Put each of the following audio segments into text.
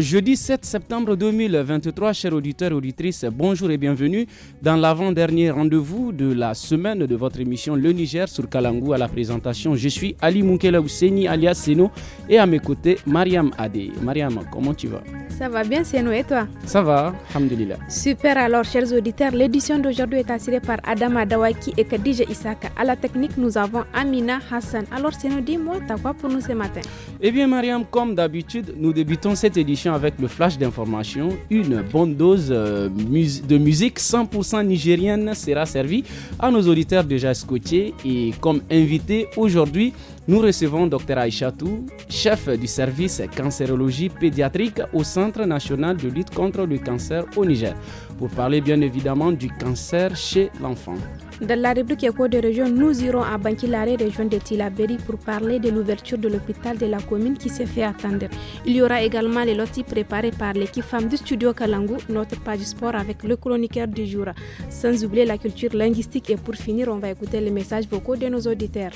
jeudi 7 septembre 2023, chers auditeurs et auditrices, bonjour et bienvenue dans l'avant-dernier rendez-vous de la semaine de votre émission Le Niger sur Kalangou à la présentation. Je suis Ali Moukela Ouseni alias Seno et à mes côtés Mariam Adé. Mariam, comment tu vas Ça va bien Seno et toi Ça va, alhamdulillah. Super alors chers auditeurs, l'édition d'aujourd'hui est assurée par Adama Dawaki et Kadija Isaka. À la technique, nous avons Amina Hassan. Alors Seno, dis-moi, t'as quoi pour nous ce matin Eh bien Mariam, comme d'habitude, nous débutons cette avec le flash d'information, une bonne dose euh, de musique 100% nigérienne sera servie à nos auditeurs déjà scotchés. Et comme invité aujourd'hui, nous recevons Dr Aïchatou, chef du service cancérologie pédiatrique au Centre national de lutte contre le cancer au Niger, pour parler bien évidemment du cancer chez l'enfant. Dans la République Éco de région, nous irons à Bankilare, région de Tilaberi, pour parler de l'ouverture de l'hôpital de la commune qui s'est fait attendre. Il y aura également les lotis préparés par l'équipe femme du studio Kalangu, notre page sport avec le chroniqueur du jour. Sans oublier la culture linguistique et pour finir, on va écouter les messages vocaux de nos auditeurs.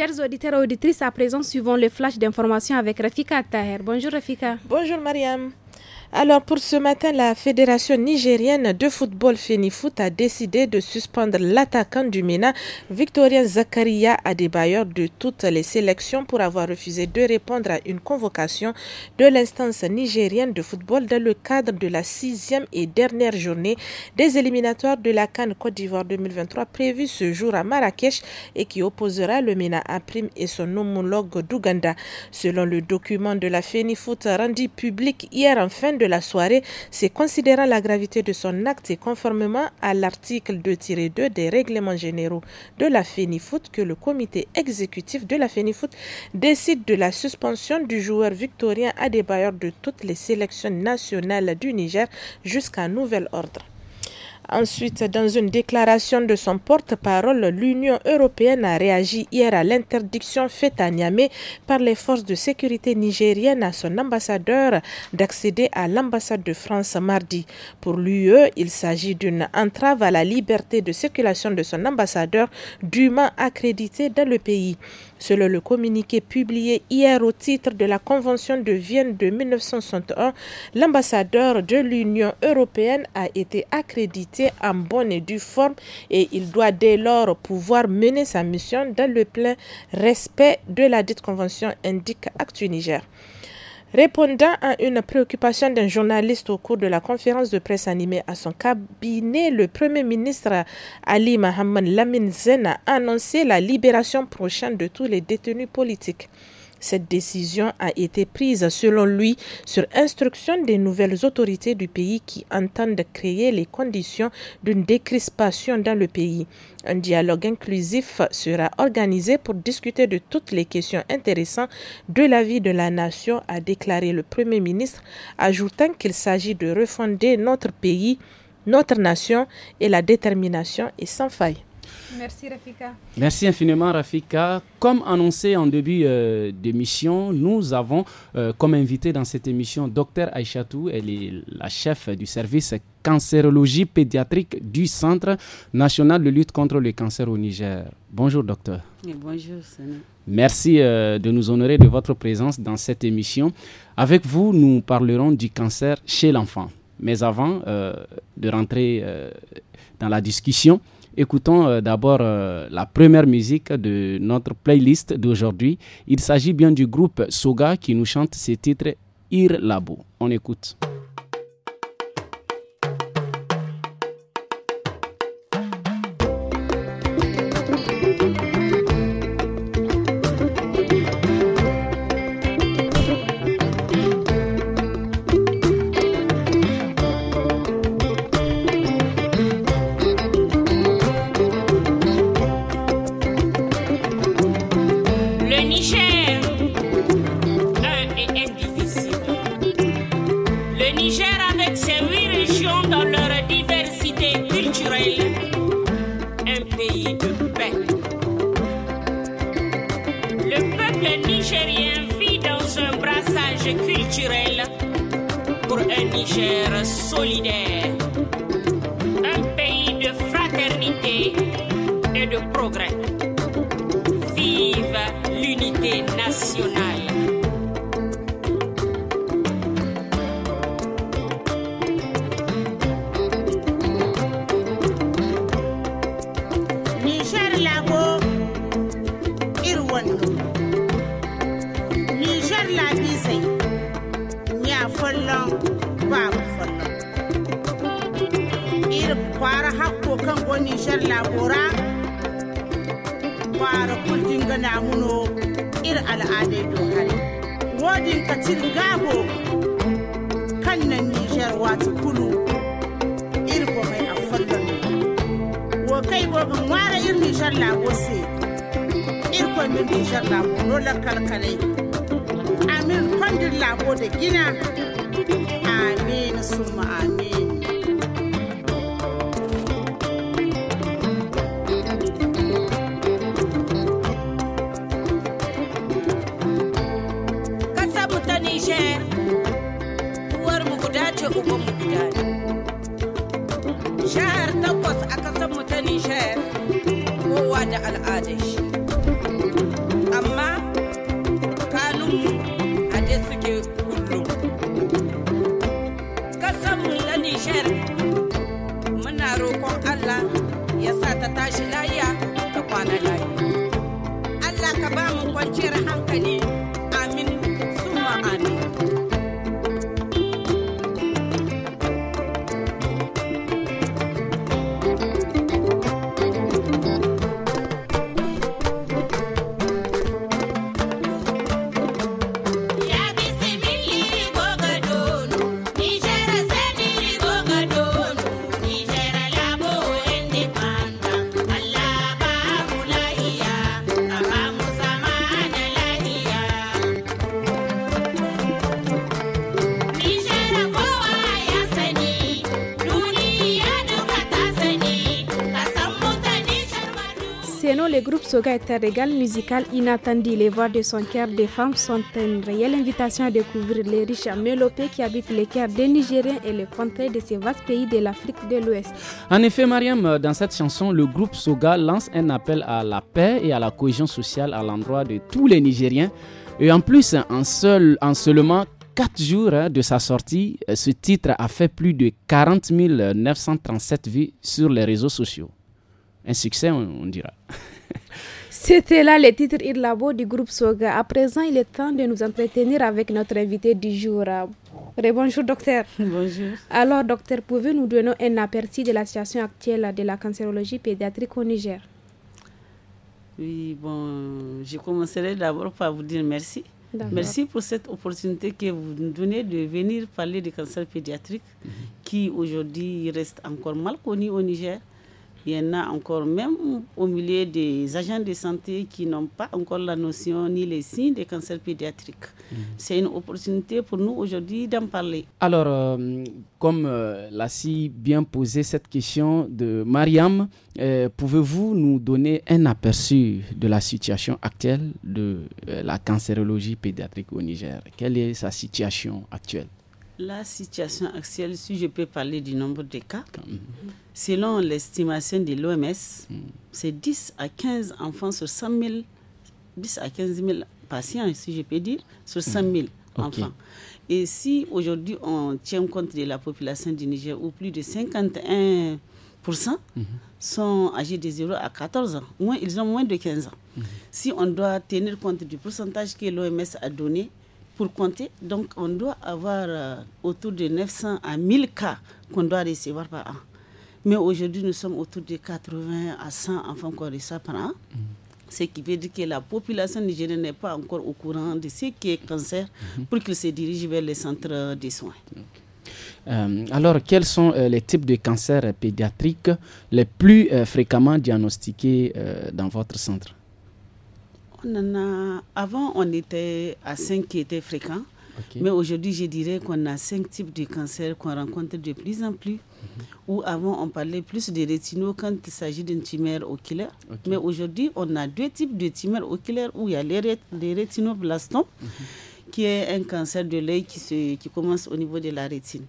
Chers auditeurs et auditrices, à présent, suivons le flash d'information avec Rafika Taher. Bonjour Rafika. Bonjour Mariam. Alors pour ce matin, la Fédération nigérienne de football Fenifoot a décidé de suspendre l'attaquant du MENA, Victorien Zakaria à bailleurs de toutes les sélections pour avoir refusé de répondre à une convocation de l'instance nigérienne de football dans le cadre de la sixième et dernière journée des éliminatoires de la Cannes Côte d'Ivoire 2023 prévue ce jour à Marrakech et qui opposera le MENA à Prime et son homologue d'Ouganda. Selon le document de la Fenifoot rendu public hier en fin de la soirée, c'est considérant la gravité de son acte et conformément à l'article 2-2 des règlements généraux de la FENIFOOT que le comité exécutif de la FENIFOOT décide de la suspension du joueur victorien à des bailleurs de toutes les sélections nationales du Niger jusqu'à nouvel ordre. Ensuite, dans une déclaration de son porte-parole, l'Union européenne a réagi hier à l'interdiction faite à Niamey par les forces de sécurité nigériennes à son ambassadeur d'accéder à l'ambassade de France mardi. Pour l'UE, il s'agit d'une entrave à la liberté de circulation de son ambassadeur dûment accrédité dans le pays. Selon le communiqué publié hier au titre de la Convention de Vienne de 1961, l'ambassadeur de l'Union européenne a été accrédité en bonne et due forme et il doit dès lors pouvoir mener sa mission dans le plein respect de la dite convention, indique Actu Niger. Répondant à une préoccupation d'un journaliste au cours de la conférence de presse animée à son cabinet, le Premier ministre Ali Mohamed Lamine Zen a annoncé la libération prochaine de tous les détenus politiques. Cette décision a été prise, selon lui, sur instruction des nouvelles autorités du pays qui entendent créer les conditions d'une décrispation dans le pays. Un dialogue inclusif sera organisé pour discuter de toutes les questions intéressantes de la vie de la nation, a déclaré le Premier ministre, ajoutant qu'il s'agit de refonder notre pays, notre nation et la détermination est sans faille. Merci Rafika. Merci infiniment Rafika. Comme annoncé en début euh, d'émission, nous avons euh, comme invité dans cette émission Dr Aïchatou. Elle est la chef du service cancérologie pédiatrique du Centre national de lutte contre le cancer au Niger. Bonjour docteur. bonjour Sénat. Merci euh, de nous honorer de votre présence dans cette émission. Avec vous, nous parlerons du cancer chez l'enfant. Mais avant de rentrer dans la discussion, Écoutons euh, d'abord euh, la première musique de notre playlist d'aujourd'hui. Il s'agit bien du groupe Soga qui nous chante ce titre Ir Labo. On écoute. kan go nishar labora kwara kuldin ga namuno ir al'adai dokare wodin katir gabo kan nan nishar wata kulu ir go mai afallan wo kai wo ban wara ir nishar labo se ir ko min nishar labo no la kalkalai amin kondin labo da gina amin summa amin Soga est un régal musical inattendu. Les voix de son cœur des femmes sont une réelle invitation à découvrir les riches mélopées qui habitent les cœurs des Nigériens et les contrées de ces vastes pays de l'Afrique de l'Ouest. En effet, Mariam, euh, dans cette chanson, le groupe Soga lance un appel à la paix et à la cohésion sociale à l'endroit de tous les Nigériens. Et en plus, en, seulement quatre jours hein, de sa sortie, euh, ce titre a fait plus de 40 937 vues sur les réseaux sociaux. Un succès, on dira. C'était là le titre Irlabo du groupe Soga. À présent, il est temps de nous entretenir avec notre invité du jour. Bonjour docteur. Bonjour. Alors docteur, pouvez-vous nous donner un aperçu de la situation actuelle de la cancérologie pédiatrique au Niger Oui, bon, je commencerai d'abord par vous dire merci. Merci pour cette opportunité que vous nous donnez de venir parler du cancer pédiatrique qui aujourd'hui reste encore mal connu au Niger. Il y en a encore, même au milieu des agents de santé qui n'ont pas encore la notion ni les signes des cancers pédiatriques. Mhm. C'est une opportunité pour nous aujourd'hui d'en parler. Alors, euh, comme euh, l'a si bien posé cette question de Mariam, euh, pouvez-vous nous donner un aperçu de la situation actuelle de la cancérologie pédiatrique au Niger Quelle est sa situation actuelle la situation actuelle, si je peux parler du nombre de cas, Selon l'estimation de l'OMS, hmm. c'est 10 à 15 enfants sur 100 000, 10 à 15 000 patients, si je peux sur 100 000 hmm. enfants. Et si aujourd'hui on tient compte de la population du Niger où plus de 51 hmm. sont âgés de 0 à 14 ans. Moins, ils ont moins de 15 ans. Si on doit tenir compte du pourcentage que l'OMS a donné pour compter, donc on doit avoir euh, autour de 900 à 1000 cas qu'on doit recevoir par an. Mais aujourd'hui, nous sommes autour de 80 à 100 enfants ça par an. Mhm. Ce qui veut dire que la population nigérienne n'est pas encore au courant de ce qui est cancer mhm. pour qu'ils se dirigent vers les centres de soins. Euh, alors, quels sont euh, les types de cancers pédiatriques les plus euh, fréquemment diagnostiqués dans votre centre on en a... Avant, on était à 5 qui étaient fréquents. Mais aujourd'hui, je dirais qu'on a cinq types de cancers qu'on rencontre de plus en plus. Mhm. Ou avant, on parlait plus de rétinaux quand il s'agit d'une tumeur oculaire. Mais aujourd'hui, on a deux types de tumeurs oculaires où il y a les, rétinoblastomes, mhm. qui est un cancer de l'œil qui, qui commence au niveau de la rétine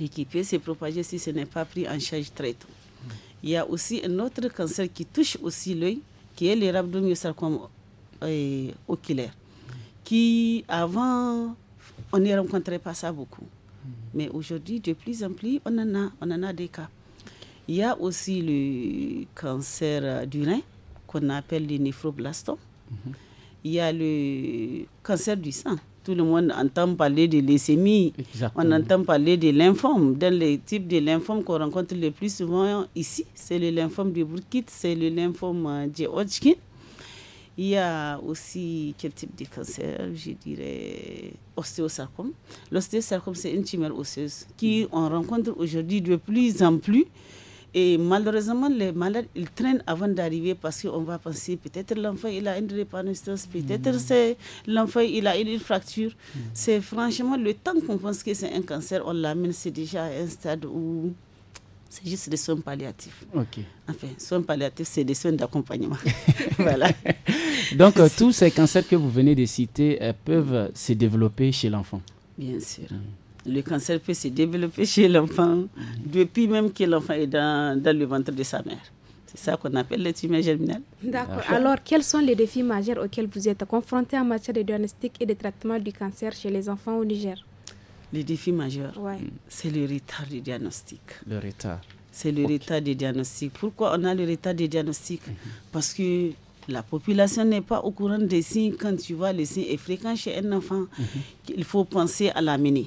et qui peut se propager si ce n'est pas pris en charge très tôt. Mhm. Il y a aussi un autre cancer qui touche aussi l'œil, qui est le rhabdomyosarcome euh, oculaire, qui avant on n'y rencontrait pas ça beaucoup. Mais aujourd'hui, de plus en plus, on en a, on en a des cas. Il y a aussi le cancer du rein, qu'on appelle le néphroblastome. Il y a le cancer du sang. Tout le monde entend parler de leucémie, on entend parler de lymphome. Dans les types de lymphome qu'on rencontre le plus souvent ici, c'est le lymphome de Burkitt, c'est le lymphome de Hodgkin. Il y a aussi quel type de cancer Je dirais ostéosarcome. L'ostéosarcome, c'est une tumeur osseuse qui on rencontre aujourd'hui de plus en plus. Et malheureusement, les malades, ils traînent avant d'arriver parce qu'on va penser peut-être l'enfant, il a une drépanocytose, peut-être mm. c'est l'enfant, il a une fracture. Mm. C'est franchement le temps qu'on pense que c'est un cancer, on l'amène, c'est déjà à un stade où c'est juste des soins palliatifs. Ok. Enfin, soins palliatifs, c'est des soins d'accompagnement. voilà. Donc, euh, tous ces cancers que vous venez de citer euh, peuvent se développer chez l'enfant. Bien sûr. Mm. Le cancer peut se développer chez l'enfant mm. depuis même que l'enfant est dans, le ventre de sa mère. C'est ça qu'on appelle les tumeurs germinales. D'accord. Alors, quels sont les défis majeurs auxquels vous êtes confrontés en matière de diagnostic et de traitement du cancer chez les enfants au Niger le défi majeur, mm. c'est le retard du diagnostic. Le retard. C'est le retard du diagnostic. Pourquoi on a le retard du diagnostic mm-hmm. Parce que la population n'est pas au courant des signes. Quand tu vois les signes est fréquent chez un enfant, mm-hmm. il faut penser à l'amener.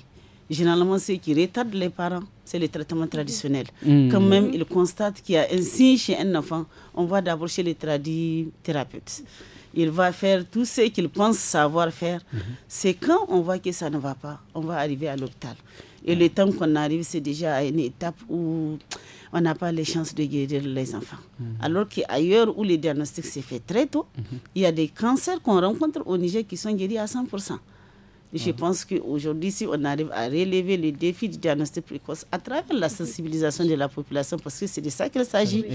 Généralement, ce qui retarde les parents, c'est le traitement traditionnel. Mm-hmm. Quand même, ils constatent qu'il y a un signe chez un enfant, on va d'abord chez les tradis thérapeutes il va faire tout ce qu'il pense savoir faire. C'est quand on voit que ça ne va pas, on va arriver à l'hôpital. Et le temps qu'on arrive, c'est déjà à une étape où on n'a pas les chances de guérir les enfants. Mhm. Alors qu'ailleurs, où le diagnostic s'est fait très tôt, mhm. il y a des cancers qu'on rencontre au Niger qui sont guéris à 100%. je mhm. pense qu'aujourd'hui, si on arrive à relever le défi du diagnostic précoce à travers la sensibilisation de la population, parce que c'est de ça qu'il s'agit.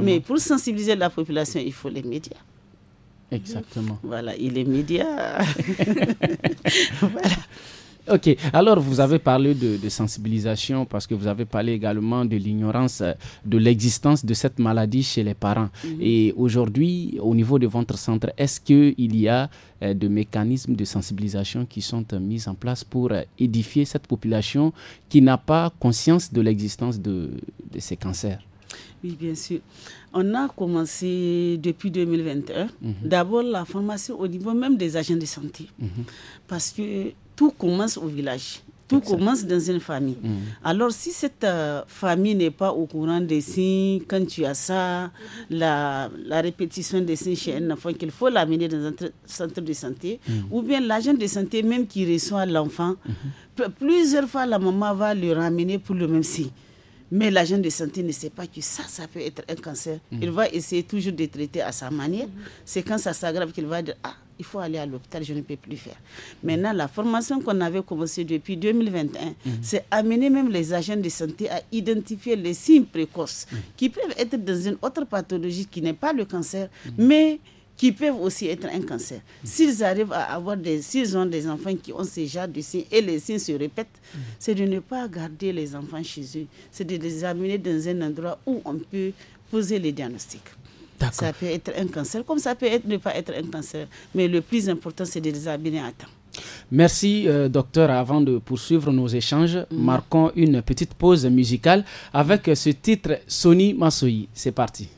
Mais pour sensibiliser la population, il faut les médias. Exactement. Voilà, il est média. voilà. Ok, alors vous avez parlé de, sensibilisation parce que vous avez parlé également de l'ignorance euh, de l'existence de cette maladie chez les parents. Mhm. Et aujourd'hui, au niveau de votre centre, est-ce qu'il y a de euh, des mécanismes de sensibilisation qui sont euh, mis en place pour édifier cette population qui n'a pas conscience de l'existence de ces cancers oui, bien sûr. On a commencé depuis 2021. Mhm. D'abord, la formation au niveau même des agents de santé. Mhm. Parce que tout commence au village. Tout commence dans une famille. Mhm. Alors, si cette euh, famille n'est pas au courant des signes, quand tu as ça, la, répétition des signes chez un enfant, qu'il faut l'amener dans un centre de santé, ou bien l'agent de santé même qui reçoit l'enfant, plusieurs fois la maman va le ramener pour le même signe. Mais l'agent de santé ne sait pas que ça, ça peut être un cancer. Mm. Il va essayer toujours de traiter à sa manière. Mm. C'est quand ça s'aggrave qu'il va dire Ah, il faut aller à l'hôpital, je ne peux plus faire. Maintenant, la formation qu'on avait commencée depuis 2021, mm. c'est amener même les agents de santé à identifier les signes précoces qui peuvent être dans une autre pathologie qui n'est pas le cancer, mais qui peuvent aussi être un cancer. S'ils arrivent à avoir des, s'ils ont des enfants qui ont ces genres de signes et les signes se répètent, c'est de ne pas garder les enfants chez eux, c'est de les amener dans un endroit où on peut poser les diagnostics. Ça peut être un cancer, comme ça peut être, ne pas être un cancer. Mais le plus important, c'est de les amener à temps. Merci, euh, docteur. Avant de poursuivre nos échanges, mm. marquons une petite pause musicale avec ce titre Sony Massoyi. C'est parti.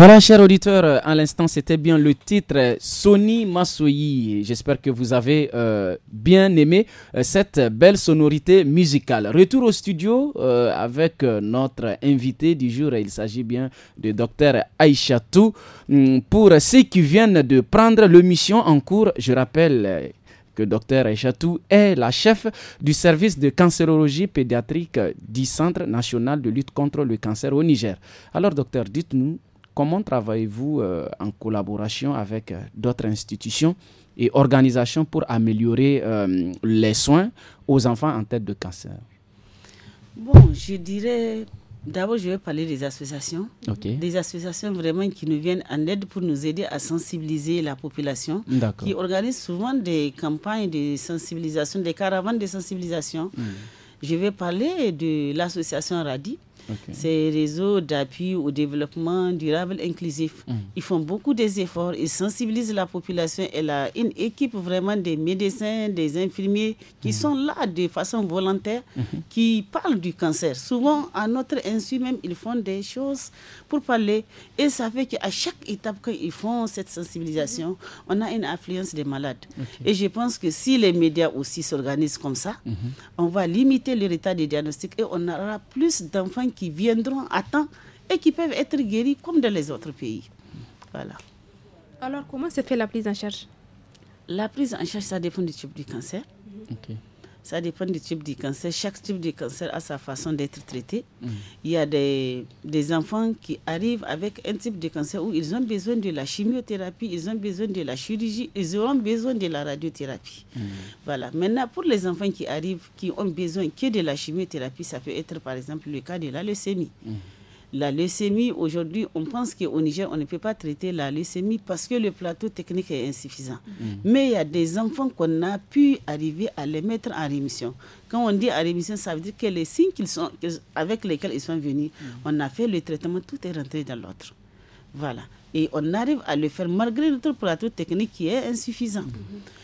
Voilà, chers auditeurs, à l'instant, c'était bien le titre Sony Masoyi. J'espère que vous avez euh, bien aimé euh, cette belle sonorité musicale. Retour au studio euh, avec notre invité du jour. Il s'agit bien de Dr Aïchatou. Hum, pour ceux qui viennent de prendre le mission en cours, je rappelle que Dr Aïchatou est la chef du service de cancérologie pédiatrique du Centre national de lutte contre le cancer au Niger. Alors, docteur, dites-nous Comment travaillez-vous euh, en collaboration avec euh, d'autres institutions et organisations pour améliorer euh, les soins aux enfants en tête de cancer Bon, je dirais D'abord, je vais parler des associations. Des associations vraiment qui nous viennent en aide pour nous aider à sensibiliser la population, qui organisent souvent des campagnes de sensibilisation, des caravanes de sensibilisation. Hmm. Je vais parler de l'association RADI, ces réseaux d'appui au développement durable inclusif, mm. ils font beaucoup d'efforts, ils sensibilisent la population. Elle a une équipe vraiment des médecins, des infirmiers qui mm. sont là de façon volontaire, mm-hmm. qui parlent du cancer. Souvent, à notre insu même, ils font des choses pour parler. Et ça fait qu'à chaque étape qu'ils font cette sensibilisation, mm-hmm. on a une affluence des malades. Et je pense que si les médias aussi s'organisent comme ça, mm-hmm. on va limiter le retard des diagnostics et on aura plus d'enfants qui viendront à temps et qui peuvent être guéris comme dans les autres pays. Voilà. Alors, comment se fait la prise en charge La prise en charge, ça dépend du type du cancer. Ça dépend du type de cancer. Chaque type de cancer a sa façon d'être traité. Mm. Il y a des, des, enfants qui arrivent avec un type de cancer où ils ont besoin de la chimiothérapie, ils ont besoin de la chirurgie, ils auront besoin de la radiothérapie. Mm. Voilà. Maintenant, pour les enfants qui arrivent, qui ont besoin que de la chimiothérapie, ça peut être par exemple le cas de la leucémie. Mm. La leucémie, aujourd'hui, on pense qu'au Niger, on ne peut pas traiter la leucémie parce que le plateau technique est insuffisant. Mm. Mais il y a des enfants qu'on a pu arriver à les mettre en rémission. Quand on dit en rémission, ça veut dire que les signes qu'ils sont, avec lesquels ils sont venus, mm. on a fait le traitement, tout est rentré dans l'autre. Voilà. Et on arrive à le faire malgré notre plateau technique qui est insuffisant. Mm-hmm.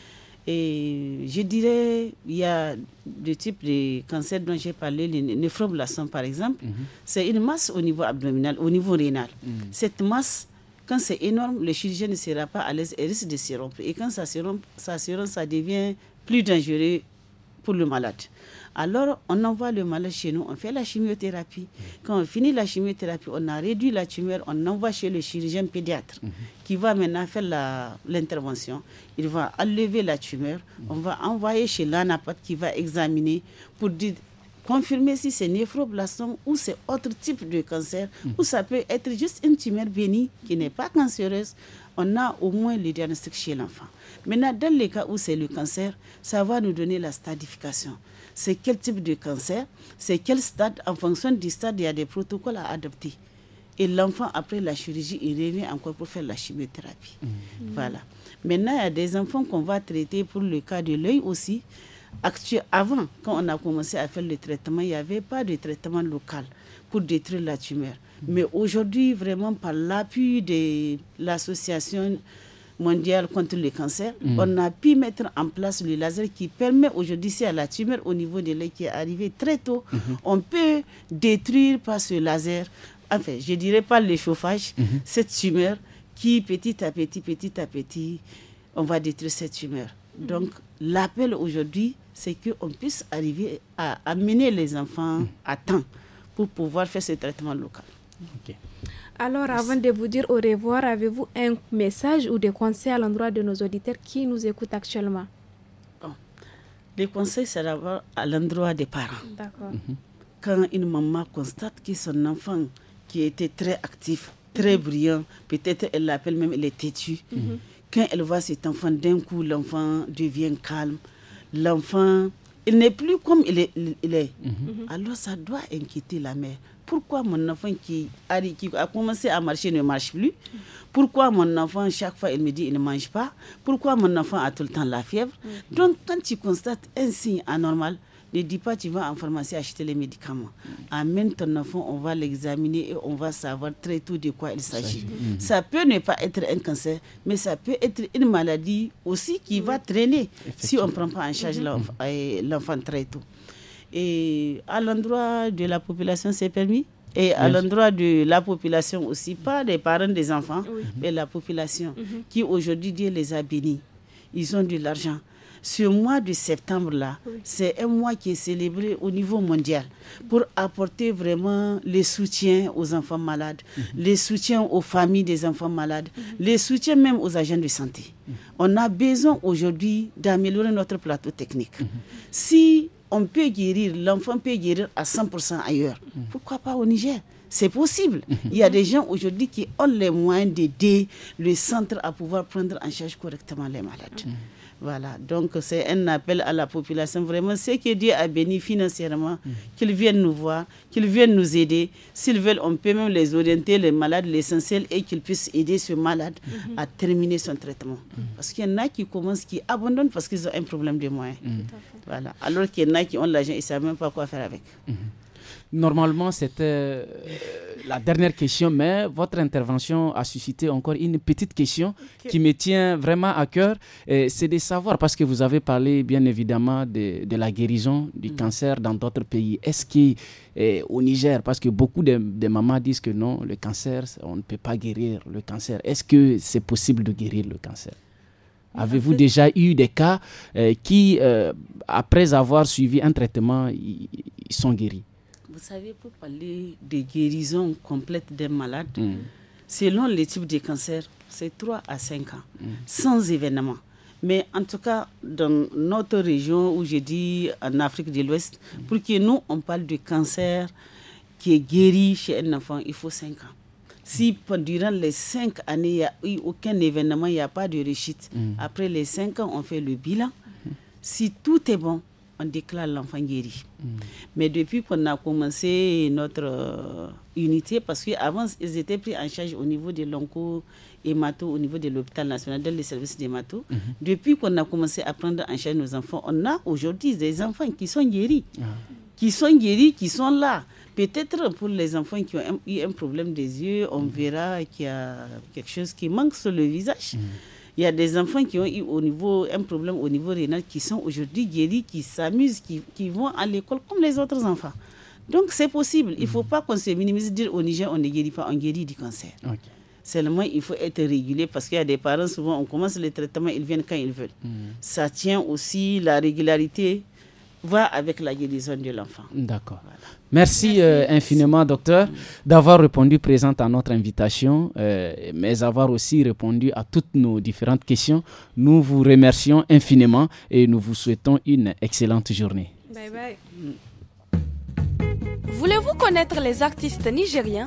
Et je dirais, il y a deux types de cancers dont j'ai parlé, les néphroblastome par exemple, mhm. c'est une masse au niveau abdominal, au niveau rénal. Mhm. Cette masse, quand c'est énorme, le chirurgien ne sera pas à l'aise et risque de se rompre. Et quand ça se rompt, ça, se rompt, ça devient plus dangereux pour le malade. Alors, on envoie le malade chez nous, on fait la chimiothérapie. Quand on finit la chimiothérapie, on a réduit la tumeur, on envoie chez le chirurgien pédiatre mhm. qui va maintenant faire l'intervention. Il va enlever la tumeur, mhm. on va envoyer chez l'anapathe qui va examiner pour confirmer si c'est néphroblastome ou c'est autre type de cancer, mhm. ou ça peut être juste une tumeur bénie qui n'est pas cancéreuse, on a au moins le diagnostic chez l'enfant. Maintenant, dans les cas où c'est le cancer, ça va nous donner la stadification c'est quel type de cancer, c'est quel stade. En fonction du stade, il y a des protocoles à adopter. Et l'enfant, après la chirurgie, il revient encore pour faire la chimiothérapie. Mmh. Mmh. Voilà. Maintenant, il y a des enfants qu'on va traiter pour le cas de l'œil aussi. Actu avant, quand on a commencé à faire le traitement, il n'y avait pas de traitement local pour détruire la tumeur. Mmh. Mais aujourd'hui, vraiment, par l'appui de l'association mondiale contre le cancer, mm. on a pu mettre en place le laser qui permet aujourd'hui, si à la tumeur au niveau de l'œil qui est arrivée très tôt, mm-hmm. on peut détruire par ce laser, enfin, je dirais pas le chauffage, mm-hmm. cette tumeur qui, petit à petit, petit à petit, on va détruire cette tumeur. Mm-hmm. Donc, l'appel aujourd'hui, c'est qu'on puisse arriver à amener les enfants mm. à temps pour pouvoir faire ce traitement local. OK. Alors, avant de vous dire au revoir, avez-vous un message ou des conseils à l'endroit de nos auditeurs qui nous écoutent actuellement Les conseils, c'est d'abord à l'endroit des parents. D'accord. Mhm. Quand une maman constate que son enfant, qui était très actif, très brillant, peut-être elle l'appelle même, il est têtu, mhm. mhm. quand elle voit cet enfant, d'un coup, l'enfant devient calme. L'enfant, il n'est plus comme Il est. Alors, ça doit inquiéter la mère pourquoi mon enfant qui a, commencé à marcher ne marche plus Pourquoi mon enfant, chaque fois, il me dit il ne mange pas Pourquoi mon enfant a tout le temps la fièvre mm. Donc, quand tu constates un signe anormal, ne dis pas tu vas en pharmacie acheter les médicaments. Mm. Amène ton enfant, on va l'examiner et on va savoir très tôt de quoi il s'agit. Mm. Ça peut ne pas être un cancer, mais ça peut être une maladie aussi qui va traîner si on ne prend pas en charge mm-hmm. euh, l'enfant très tôt et à l'endroit de la population, c'est permis. Et à l'endroit de la population aussi, pas des parents des enfants, mhm. mais la population, mhm. qui aujourd'hui Dieu les a bénis. Ils ont de l'argent. Ce mois de septembre-là, c'est un mois qui est célébré au niveau mondial pour apporter vraiment le soutien aux enfants malades, mhm. le soutien aux familles des enfants malades, le soutien même aux agents de santé. On a besoin aujourd'hui d'améliorer notre plateau technique. Si on peut guérir, l'enfant peut guérir à 100% ailleurs. Mm. Pourquoi pas au Niger c'est possible. Mm-hmm. Il y a des gens aujourd'hui qui ont les moyens d'aider le centre à pouvoir prendre en charge correctement les malades. Mm. Voilà, donc c'est un appel à la population. Vraiment, c'est que Dieu a béni financièrement, mm. qu'ils viennent nous voir, qu'ils viennent nous aider. S'ils veulent, on peut même les orienter, les malades, l'essentiel et qu'ils puissent aider ce malade mm-hmm. à terminer son traitement. Mm. Parce qu'il y en a qui commencent, qui abandonnent parce qu'ils ont un problème de moyens. Mm. Voilà, alors qu'il y en a qui ont l'argent, ils ne savent même pas quoi faire avec. Mm-hmm. Normalement, c'était euh, la dernière question, mais votre intervention a suscité encore une petite question qui me tient vraiment à cœur. C'est de savoir, parce que vous avez parlé bien évidemment de, la guérison du mm. cancer dans d'autres pays. Est-ce qu'au euh, Niger, parce que beaucoup de, mamans disent que non, le cancer, on ne peut pas guérir le cancer. Est-ce que c'est possible de guérir le cancer Avez-vous déjà eu des cas euh, qui, après avoir suivi un traitement, ils sont guéris vous savez, pour parler de guérison complète d'un malade, mm. selon le type de cancer, c'est 3 à 5 ans, mm. sans événement. Mais en tout cas, dans notre région, où j'ai dit en Afrique de l'Ouest, mm. pour que nous, on parle de cancer qui est guéri chez un enfant, il faut 5 ans. Si durant les 5 années, il n'y a eu aucun événement, il n'y a pas de réussite, après les 5 ans, on fait le bilan. Si tout est bon, déclare l'enfant guéri. Hmm. Mais depuis qu'on a commencé notre euh, unité, parce qu'avant, ils étaient pris en charge au niveau de l'onco mato au niveau de l'hôpital national, des services des matos hmm. Depuis qu'on a commencé à prendre en charge nos enfants, on a aujourd'hui des enfants qui sont guéris. Ah. Qui sont guéris, qui sont là. Peut-être pour les enfants qui ont eu un problème des yeux, on verra qu'il y a quelque chose qui manque sur le visage. Hmm. Il y a des enfants qui ont eu au niveau, un problème au niveau rénal qui sont aujourd'hui guéris, qui s'amusent, qui, qui vont à l'école comme les autres enfants. Donc c'est possible. Il ne faut mhm. pas qu'on se minimise, dire au Niger, on ne guérit pas, on guérit du cancer. Seulement, il faut être régulé parce qu'il y a des parents, souvent, on commence le traitement, ils viennent quand ils veulent. Mhm. Ça tient aussi la régularité avec la guérison de l'enfant. D'accord. Euh, Merci, infiniment, docteur, d'avoir répondu présente à notre invitation, euh, mais avoir aussi répondu à toutes nos différentes questions. Nous vous remercions infiniment et nous vous souhaitons une excellente journée. Bye bye. Voulez-vous connaître les artistes nigériens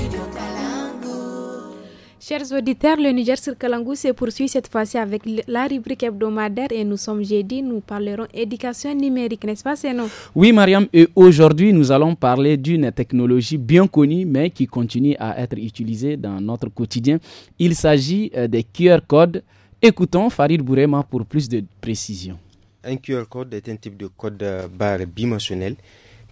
Chers auditeurs, le Niger Circalangou se poursuit cette fois-ci avec la rubrique hebdomadaire et nous sommes jeudi, nous parlerons éducation numérique, n'est-ce pas Seno Oui Mariam, et aujourd'hui nous allons parler d'une technologie bien connue mais qui continue à être utilisée dans notre quotidien. Il s'agit euh, des QR codes. Écoutons Farid Bourema pour plus de précision. Un QR code est un type de code euh, barre bimensionnel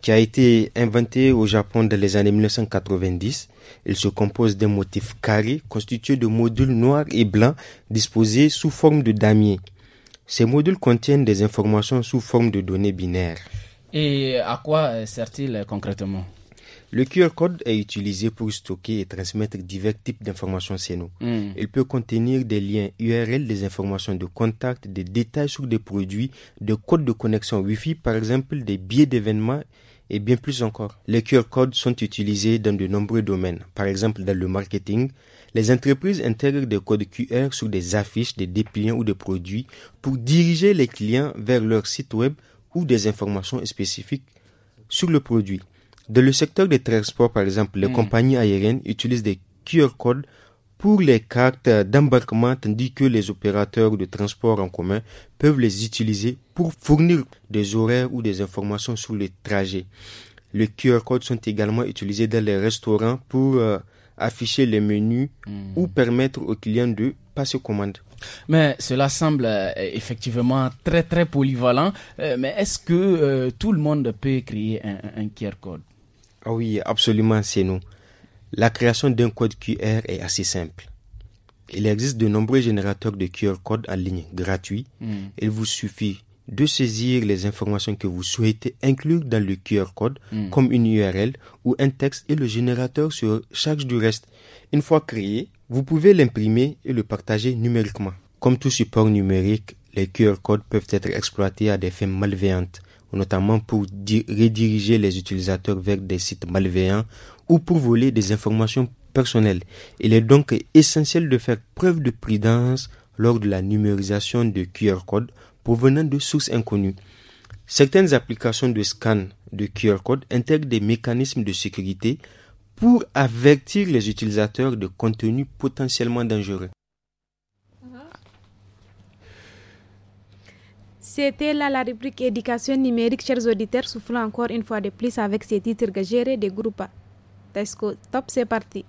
qui a été inventé au Japon dans les années 1990. Il se compose d'un motif carré constitué de modules noirs et blancs disposés sous forme de damier. Ces modules contiennent des informations sous forme de données binaires. Et à quoi euh, sert-il concrètement le QR code est utilisé pour stocker et transmettre divers types d'informations chez hmm. Il peut contenir des liens URL, des informations de contact, des détails sur des produits, des codes de connexion Wi-Fi, par exemple des billets d'événements et bien plus encore. Les QR codes sont utilisés dans de nombreux domaines. Par exemple, dans le marketing, les entreprises intègrent des codes QR sur des affiches, des dépliants ou des produits pour diriger les clients vers leur site web ou des informations spécifiques sur le produit. Dans le secteur des transports, par exemple, les hmm. compagnies aériennes utilisent des QR codes pour les cartes d'embarquement tandis que les opérateurs de transport en commun peuvent les utiliser pour fournir des horaires ou des informations sur les trajets. Les QR codes sont également utilisés dans les restaurants pour euh, afficher les menus hmm. ou permettre aux clients de passer commande. Mais cela semble euh, effectivement très très polyvalent. Euh, mais est-ce que tout le monde peut créer un, un QR code ah Oui, absolument, c'est nous. La création d'un code QR est assez simple. Il existe de nombreux générateurs de QR code en ligne gratuits. Hmm. Il vous suffit de saisir les informations que vous souhaitez inclure dans le QR code, hmm. comme une URL ou un texte, et le générateur se charge du reste. Une fois créé, vous pouvez l'imprimer et le partager numériquement. Comme tout support numérique, les QR codes peuvent être exploités à des fins malveillantes, notamment pour rediriger les utilisateurs vers des sites malveillants ou pour voler des informations personnelles. Il est donc essentiel de faire preuve de prudence lors de la numérisation de QR codes provenant de sources inconnues. Certaines applications de scan de QR codes intègrent des mécanismes de sécurité pour avertir les utilisateurs de contenus potentiellement dangereux. C'était là la rubrique éducation numérique, chers auditeurs, soufflant encore une fois de plus avec ces titres gérés des groupes Tesco Top seperti.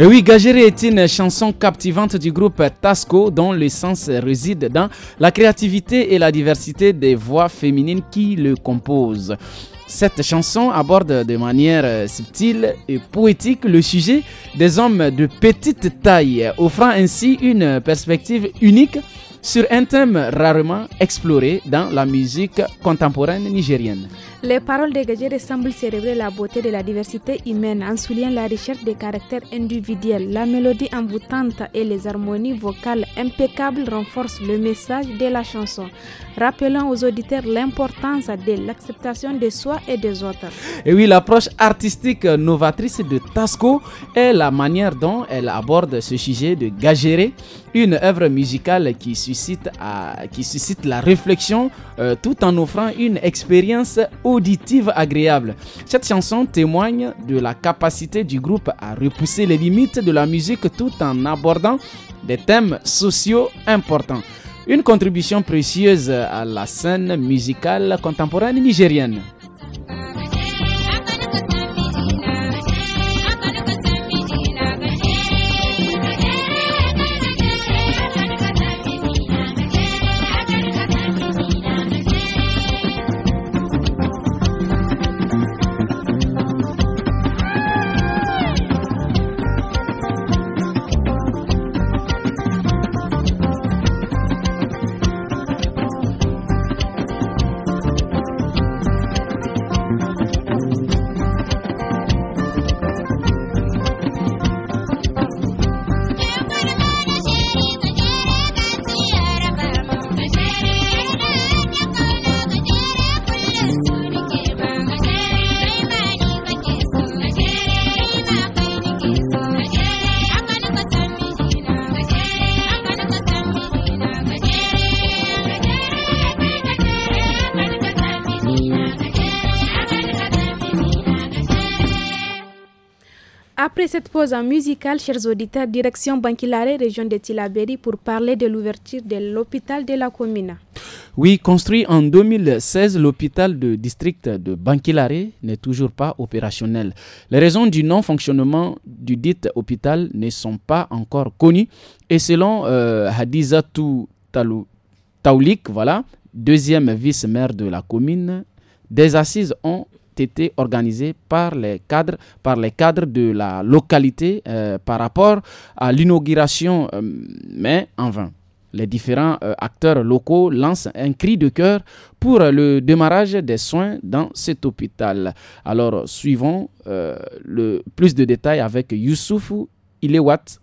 Et oui, Gajere est une chanson captivante du groupe Tasco dont le sens réside dans la créativité et la diversité des voix féminines qui le composent. Cette chanson aborde de manière subtile et poétique le sujet des hommes de petite taille, offrant ainsi une perspective unique sur un thème rarement exploré dans la musique contemporaine nigérienne. Les paroles dégagées ressemblent célébrer la beauté de la diversité humaine en soulignant la richesse des caractères individuels. La mélodie envoûtante et les harmonies vocales impeccables renforcent le message de la chanson, rappelant aux auditeurs l'importance de l'acceptation de soi et des autres. Et oui, l'approche artistique novatrice de Tasco est la manière dont elle aborde ce sujet de gagérer une œuvre musicale qui suscite, à, euh, qui suscite la réflexion euh, tout en offrant une expérience auditive agréable. Cette chanson témoigne de la capacité du groupe à repousser les limites de la musique tout en abordant des thèmes sociaux importants. Une contribution précieuse à la scène musicale contemporaine nigérienne. cette pause en musicale, chers auditeurs, direction Banquilare, région de Tilaberi, pour parler de l'ouverture de l'hôpital de la commune. Oui, construit en 2016, l'hôpital de district de Banquilare n'est toujours pas opérationnel. Les raisons du non-fonctionnement du dit hôpital ne sont pas encore connues et selon euh, Hadiza Hadizatou Taoulik, voilà, deuxième vice-maire de la commune, des assises ont été organisé par les cadres, par les cadres de la localité euh, par rapport à l'inauguration, euh, mais en vain. Les différents euh, acteurs locaux lancent un cri de cœur pour le démarrage des soins dans cet hôpital. Alors, suivons le plus de détails avec Youssoufou Ilewat,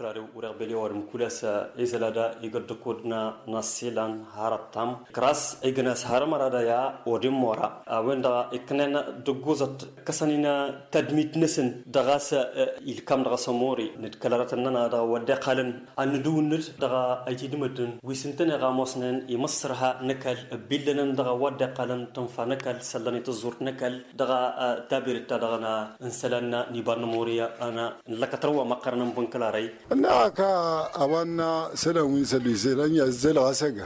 كراري ورق بلي ورم كولاسا إزلادا يقد كودنا نسيلان هارتام كراس إجناس هارم رادا يا ودم مورا ويندا إكننا دقوزة كسانينا تدميت نسن دغاس إلكام دغاس موري نتكلرات أننا دا ودقالن أن دون نت دغا أجيد مدن ويسنتنا غاموسنن يمصرها نكال بلنا دغا ودقالن تنفى نكال سلاني تزور نكال دغا تابير تدغنا انسلنا نيبان موريا أنا لكتروا مقرنا بنكلاري እናካ አባና ሰለሙን ሰሉ ይዘለን ያዘል አሰጋ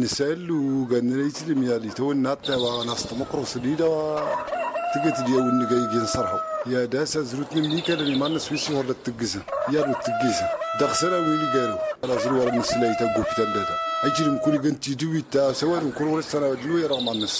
ንሰሉ ገነለይት ልምያሊ ተወና ጠባ ናስተመክሮ ስዲዳዋ ትገት ድየው ንገይ ገንሰርሐው የዳሰ ዝሩት ንም ይከለን ማነስ ዊስ ወርደት ትግዘ ያሉ ትግዘ دخسنا ويلي قالوا خلاص الورد من السلاي تقول في تندادا اجي لهم كل قنت دوي تا سواد وكل ورد سنة دلوي رغم النص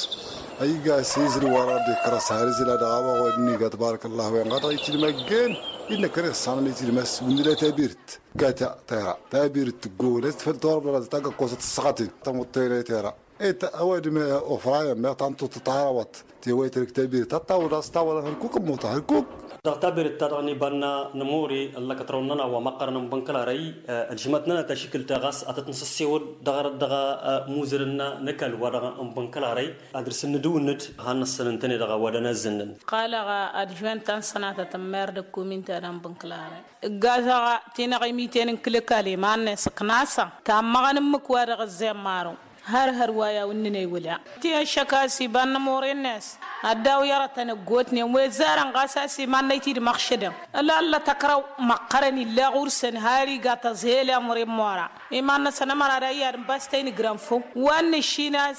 اي قاس يزر ورا ديك راس هارز لا دغابا ودني تبارك الله وين غطا يتي المكان إن إنك رسان المس من لا تابيرت كاتا تيرا تابيرت تقول تفلتور بلا تلقى قوسة السقطي تمطيلة تيرا إنت أود ما أفرايا ما تنتو تتعربط تيوي تلك تابيرت تطاول أستاول هنكوك موتا هنكوك تعتبر التراني بنا نموري اللي كتروننا ومقرنا بنكلا ري آه، الجماتنا تشكل تغس أتتنس السيول دغر دغا آه، موزرنا نكل ورا بنكلا ري أدرس ندو نت هان تاني دغا ودنا زنن قال غا أدجوان تان سنة تمر دكومين تان بنكلا ري غازا تينا غيمي تين كلكالي ما نسقناسا تام مغنم مكوار غزي مارو هر هر ويا ونني ولا تي شكاسي بان مور الناس اداو يرا تنغوتني وزارا قاساسي ما نيتي مخشد الله الله تكرو مقرني لا غرسن هاري غاتا زيل امر مورا ايمان سنمر راي ار باستين غرامفو وان شيناس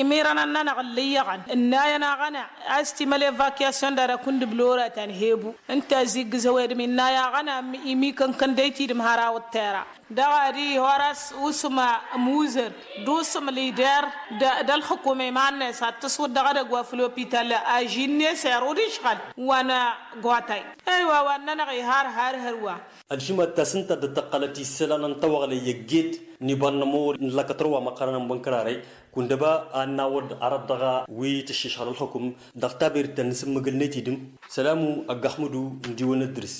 إميرا آه، أننا نغلي عن إننا ينغنى أستي مالي فاكياسون دارا كند بلورة تنهيبو أنت زيق زويد من إننا ينغنى إمي كن كن دمهارا والتارا داري هوراس وسما موزر دوسم ليدر دا دا الحكومة معنا ساتسود دا غدا غوافلو بيتال أجيني سيرو ديشغل وانا غواتاي أيوا وانا نغي هار هار هروا الجمعة تسنتا دا تقالتي سلانا نتوغلي يجيت نبان نمور نلاكتروا مقارنة مبنكراري كندبا أنا ورد عرب دغا ويتشيش على الحكم دغتابير تنسم مقلنيتي دم سلامو أقحمدو نديوان الدرس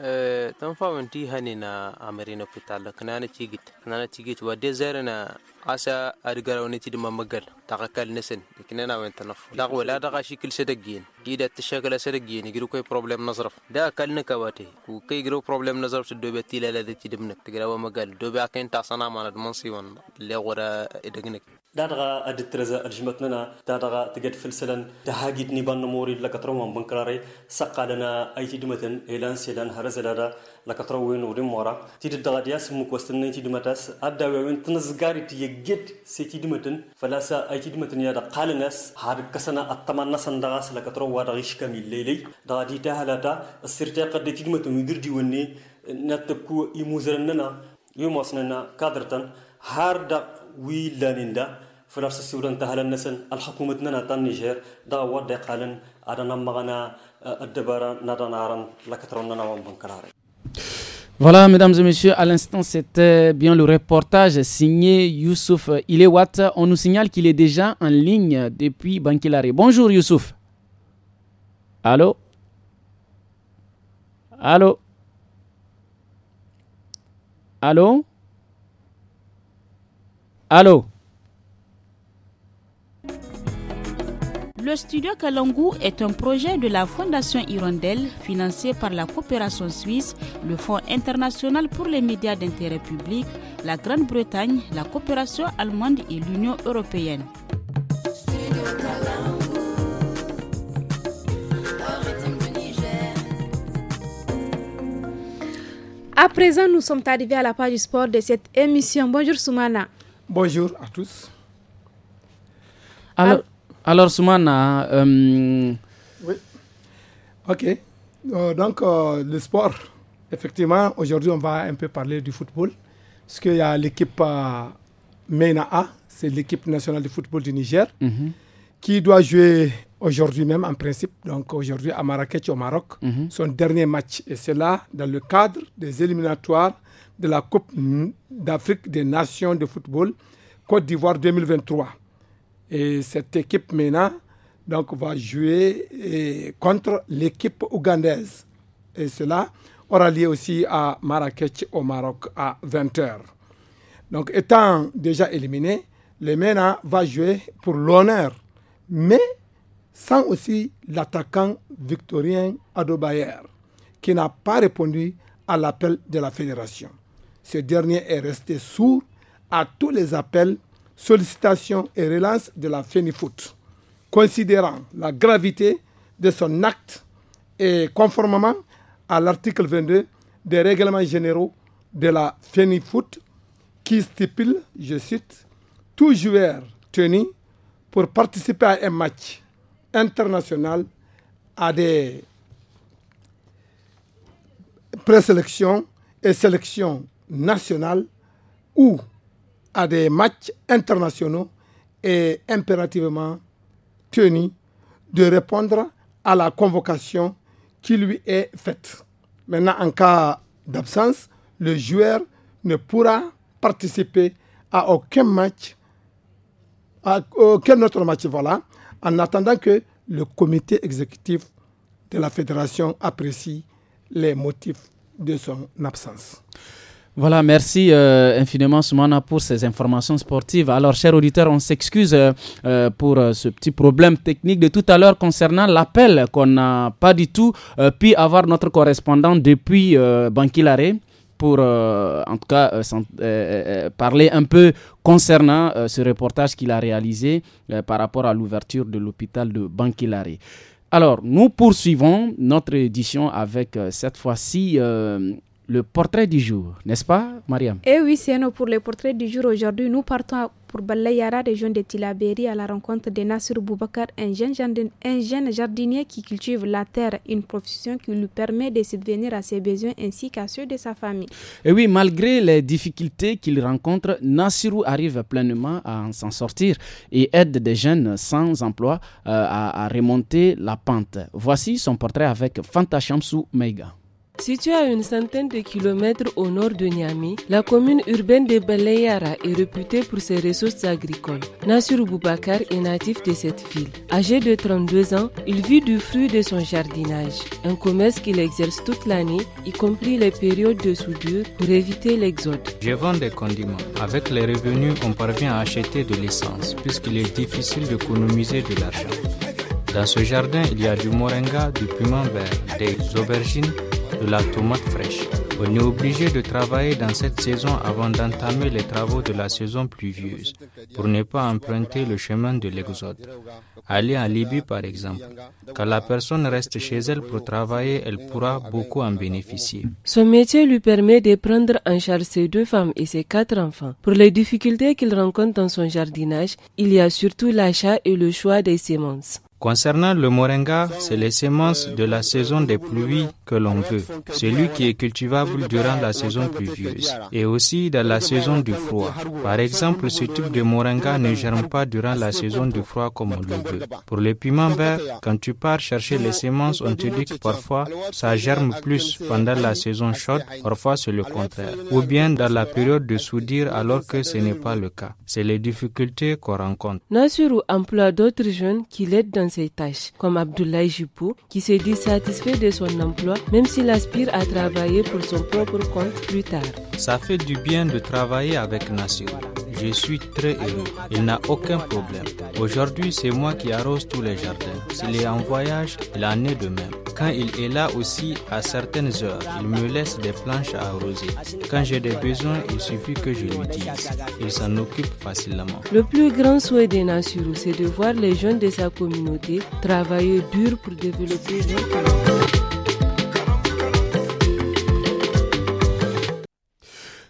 أه، تنفاون في هنينا أمرينا بتالا كنانا تيجيت كنانا تيجيت ودي زارنا أسا أرجعون تيدم مقل تقال نسن لكن أنا وين تنف لا ولا دغا شكل سدقين إذا تشكل سدقين يجرو كي بروبلم نظرف دا كلنا كواتي وكي يجرو بروبلم نظرف تدوبي تيلا لذي تيدمنك تقرأ ومقل دوبي أكين تاسنا ما ندمنسي ون لا غورا إدقنك دادغا أدت رزا الجمتنا دادغا تقد فلسلا تهاجد نيبان نموري لكتروم بنكراري سقى لنا اي تدمتن ايلان سيلان هرزل هرزلا لكتروين وريم ورا تيد دغادياس مكوستن أي تدمتاس ادا وين تنزغاري تيجد سي تدمتن فلاسا اي تدمتن يادا يا قالناس هاد كسنا اتمنى سندغاس لكترو وادغيش كامل ليلي دغادي تهلاتا السرتاق دي تدمتن ويدر ويدردي وني نتكو يموزرننا يوم وصلنا كادرتن وي ويلانيندا Voilà, mesdames et messieurs, à l'instant, c'était euh, bien le reportage signé Youssouf Ilewat. On nous signale qu'il est déjà en ligne depuis Bankilari. Bonjour Youssouf. Allô Allô Allô Allô Le studio Kalangu est un projet de la Fondation Hirondelle financé par la coopération suisse, le Fonds international pour les médias d'intérêt public, la Grande-Bretagne, la coopération allemande et l'Union européenne. À présent, nous sommes arrivés à la page du sport de cette émission. Bonjour Soumana. Bonjour à tous. Alors, alors, Soumana, euh, oui. Ok. Euh, donc, euh, le sport, effectivement, aujourd'hui, on va un peu parler du football. Parce qu'il y a l'équipe menaa, c'est l'équipe nationale de football du Niger, mhm. qui doit jouer aujourd'hui même, en principe, donc aujourd'hui à Marrakech, au Maroc, mhm. son dernier match. Et c'est là, dans le cadre des éliminatoires de la Coupe d'Afrique des Nations de football Côte d'Ivoire 2023. Et cette équipe MENA donc, va jouer contre l'équipe ougandaise. Et cela aura lieu aussi à Marrakech au Maroc à 20h. Donc étant déjà éliminé, le MENA va jouer pour l'honneur, mais sans aussi l'attaquant victorien Adobayer, qui n'a pas répondu à l'appel de la fédération. Ce dernier est resté sourd à tous les appels sollicitation et relance de la FENIFOOT, considérant la gravité de son acte et conformément à l'article 22 des règlements généraux de la FENIFOOT qui stipule, je cite, tout joueur tenu pour participer à un match international à des présélections et sélections nationales ou à des matchs internationaux est impérativement tenu de répondre à la convocation qui lui est faite. Maintenant, en cas d'absence, le joueur ne pourra participer à aucun match, à aucun autre match, voilà, en attendant que le comité exécutif de la fédération apprécie les motifs de son absence. Voilà, merci euh, infiniment Soumana pour ces informations sportives. Alors, chers auditeurs, on s'excuse euh, euh, pour ce petit problème technique de tout à l'heure concernant l'appel qu'on n'a pas du tout pu avoir notre correspondant depuis Banquilaré pour en tout cas parler un peu concernant ce reportage qu'il a réalisé par rapport à l'ouverture de l'hôpital de Banquilaré. Alors, nous poursuivons notre édition avec cette fois-ci le portrait du jour, n'est-ce pas, Mariam Eh oui, c'est pour le portrait du jour. Aujourd'hui, nous partons pour Balayara, région de Tilaberi, à la rencontre de Nassir Boubacar, un jeune, jardinier qui cultive la terre, une profession qui lui permet de subvenir à ses besoins ainsi qu'à ceux de sa famille. Eh oui, malgré les difficultés qu'il rencontre, Nassirou arrive pleinement à s'en sortir et aide des jeunes sans emploi euh, à, remonter la pente. Voici son portrait avec Fanta Meiga. Située à une centaine de kilomètres au nord de Niamey, la commune urbaine de Baleyara est réputée pour ses ressources agricoles. Nassir Boubacar est natif de cette ville. Âgé de 32 ans, il vit du fruit de son jardinage, un commerce qu'il exerce toute l'année, y compris les périodes de soudure pour éviter l'exode. Je vends des condiments. Avec les revenus, on parvient à acheter de l'essence, puisqu'il est difficile d'économiser de l'argent. Dans ce jardin, il y a du moringa, du piment vert, des aubergines, de la tomate fraîche. On est obligé de travailler dans cette saison avant d'entamer les travaux de la saison pluvieuse pour ne pas emprunter le chemin de l'exode. Aller en Libye par exemple, quand la personne reste chez elle pour travailler, elle pourra beaucoup en bénéficier. Son métier lui permet de prendre en charge ses deux femmes et ses quatre enfants. Pour les difficultés qu'il rencontre dans son jardinage, il y a surtout l'achat et le choix des semences. Concernant le moringa, c'est les semences de la saison des pluies que l'on veut. Celui qui est cultivable durant la saison pluvieuse et aussi dans la saison du froid. Par exemple, ce type de moringa ne germe pas durant la saison du froid comme on le veut. Pour les piments verts, quand tu pars chercher les semences, on te dit que parfois ça germe plus pendant la saison chaude, parfois c'est le contraire. Ou bien dans la période de soudure alors que ce n'est pas le cas. C'est les difficultés qu'on rencontre. ou emploie d'autres jeunes qui l'aident dans ses tâches, comme Abdoulaye Jipou, qui se dit satisfait de son emploi même s'il aspire à travailler pour son propre compte plus tard. Ça fait du bien de travailler avec Nassirou. Je suis très heureux. Il n'a aucun problème. Aujourd'hui, c'est moi qui arrose tous les jardins. S'il est en voyage, l'année de même. Quand il est là aussi, à certaines heures, il me laisse des planches à arroser. Quand j'ai des besoins, il suffit que je dise. Il s'en occupe facilement. Le plus grand souhait de Nassirou, c'est de voir les jeunes de sa communauté travailler dur pour développer leur communauté.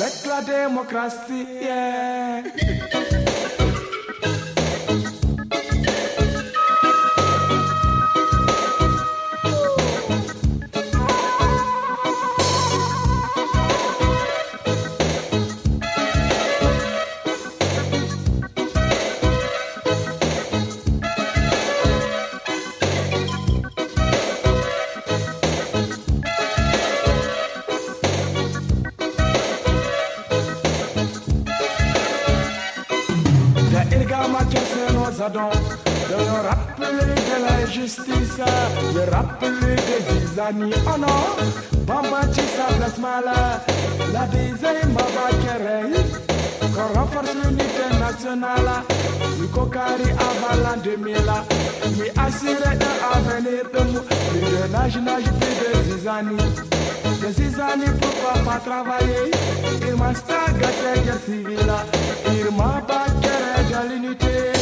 Avec la démocratie, yeah. famille. Oh non, bamba ci s'applasma la, la disei ma qu'on renforce l'unité nationale, du cocari avant l'an 2000, mais un avenir de nous, plus de nage, nage plus de 6 années. De 6 années, pourquoi pas travailler? Il m'a il m'a l'unité.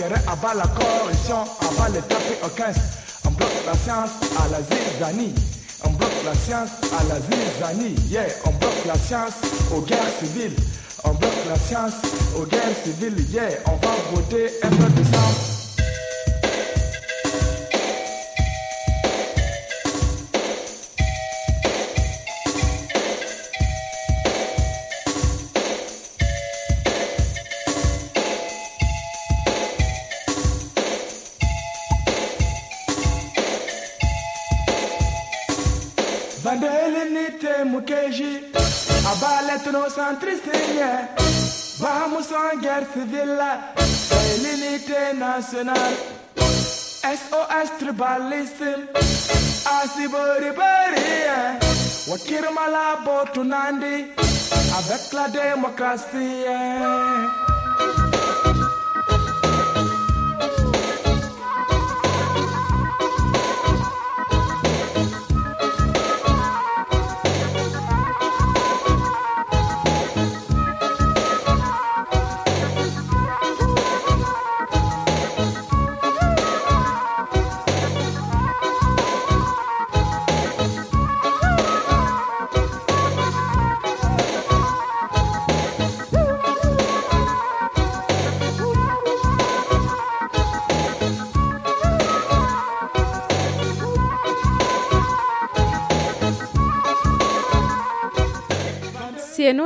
Kéré abat la corruption, abat les tapis au 15. On bloque la science à la zizanie. On bloque la science à la zizanie. Yeah, on bloque la science aux guerres civiles. On bloque la science aux guerres civiles. Yeah, on va voter un peu de sang sans guerre civile, c'est l'unité nationale. SOS tribalism, Asibori wakir malabo tunandi, avec la démocratie.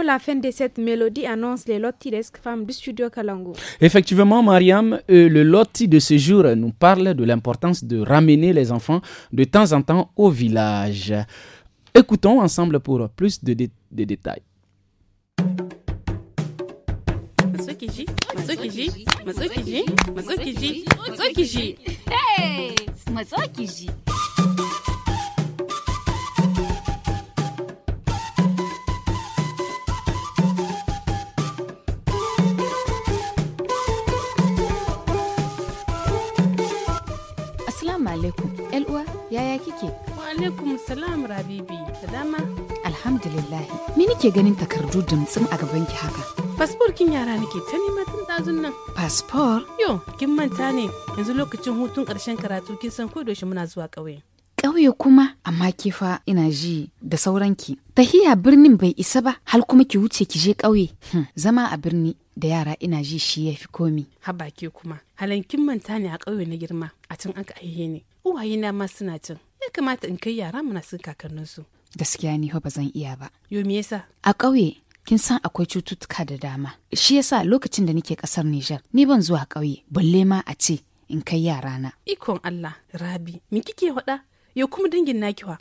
la fin de cette mélodie annonce les lotiresques femmes du studio Kalango. Effectivement, Mariam, euh, le loti de ce jour nous parle de l'importance de ramener les enfants de temps en temps au village. Écoutons ensemble pour plus de, de détails. Hey Yaya kike? Wa alaikum salam Rabibi. Da dama? Alhamdulillah. Me nike ganin takardu dumtsin a gaban ki haka? Fasfor kin yara nake ta nema tun dazun nan. Fasfor? Yo, kin manta ne. Yanzu lokacin hutun karshen karatu kin san ko muna zuwa ƙauye. ƙauye kuma amma kifa fa ina ji da sauranki tahiya birnin bai isa ba hal kuma ki wuce ki je ƙauye hmm, zama a birni da yara ina ji shi yafi fi komi. Haba ke kuma, kin manta ne a ƙauye na girma a tun aka aihe ne. uwaye na ma suna cin ya kamata in kai yara muna sun kakanninsu gaskiya ni ba zan iya ba yo me yasa a ƙauye kin san akwai cututtuka da dama shi yasa lokacin da nake ƙasar Nijar ni ban zuwa ƙauye balle ma a ce in kai yara na ikon Allah Rabi me kike faɗa yo kuma dangin wa?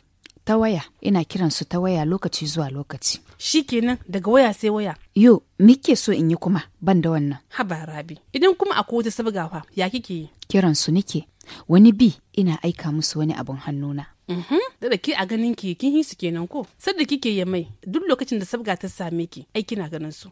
ta waya ina kiran su ta waya lokaci zuwa lokaci Shi shikenan daga waya sai waya yo mike so in yi kuma ban da wannan haba rabi idan kuma akwai wata sabgawa ya kike yi kiran su nike wani bi ina aika musu wani abin hannuna. Mhm. da ke a ganin ki kin hisu kenan ko da kike ya mai duk lokacin da sabga ta same ki ai kina ganin su